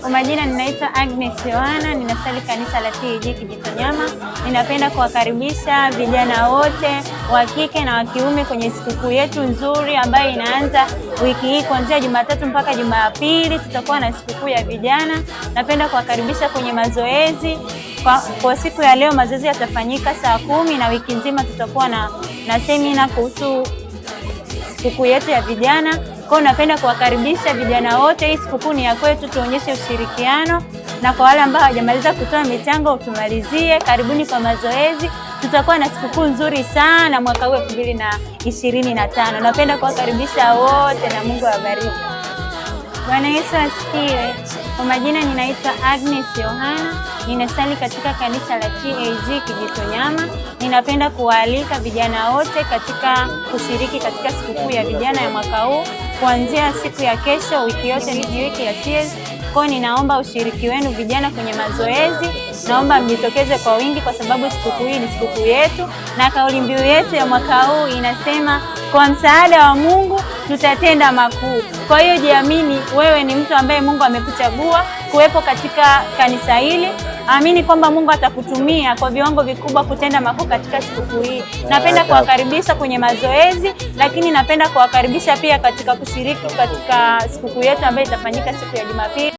Kwa majina ninaitwa Agnes Yohana, ninasali kanisa la TAG e Kijitonyama. Ninapenda kuwakaribisha vijana wote wa kike na wa kiume kwenye sikukuu yetu nzuri ambayo inaanza wiki hii kuanzia Jumatatu mpaka Jumapili. Tutakuwa na sikukuu ya vijana. Napenda kuwakaribisha kwenye mazoezi kwa, kwa siku ya leo mazoezi yatafanyika saa kumi na wiki nzima tutakuwa na, na semina kuhusu sikukuu yetu ya vijana. Kwa napenda kuwakaribisha vijana wote, hii sikukuu ni ya kwetu, tuonyeshe ushirikiano, na kwa wale ambao hawajamaliza kutoa michango utumalizie. Karibuni kwa mazoezi, tutakuwa na sikukuu nzuri sana mwaka huu elfu mbili na ishirini na tano. Napenda kuwakaribisha wote na Mungu awabariki. Bwana Yesu asifiwe. Kwa majina ninaitwa Agnes Yohana, ninasali katika kanisa la TAG Kijitonyama. Ninapenda kuwaalika vijana wote katika kushiriki katika sikukuu ya vijana ya mwaka huu kuanzia siku ya kesho, wiki yote ni wiki ya tears. Kwa ninaomba ushiriki wenu vijana kwenye mazoezi, naomba mjitokeze kwa wingi, kwa sababu sikukuu hii ni sikukuu yetu, na kauli mbiu yetu ya mwaka huu inasema kwa msaada wa Mungu tutatenda makuu. Kwa hiyo jiamini, wewe ni mtu ambaye Mungu amekuchagua kuwepo katika kanisa hili. Amini kwamba Mungu atakutumia kwa viwango vikubwa kutenda makuu katika sikukuu hii. Napenda kuwakaribisha kwenye mazoezi, lakini napenda kuwakaribisha pia katika kushiriki katika sikukuu yetu ambayo itafanyika siku ya Jumapili.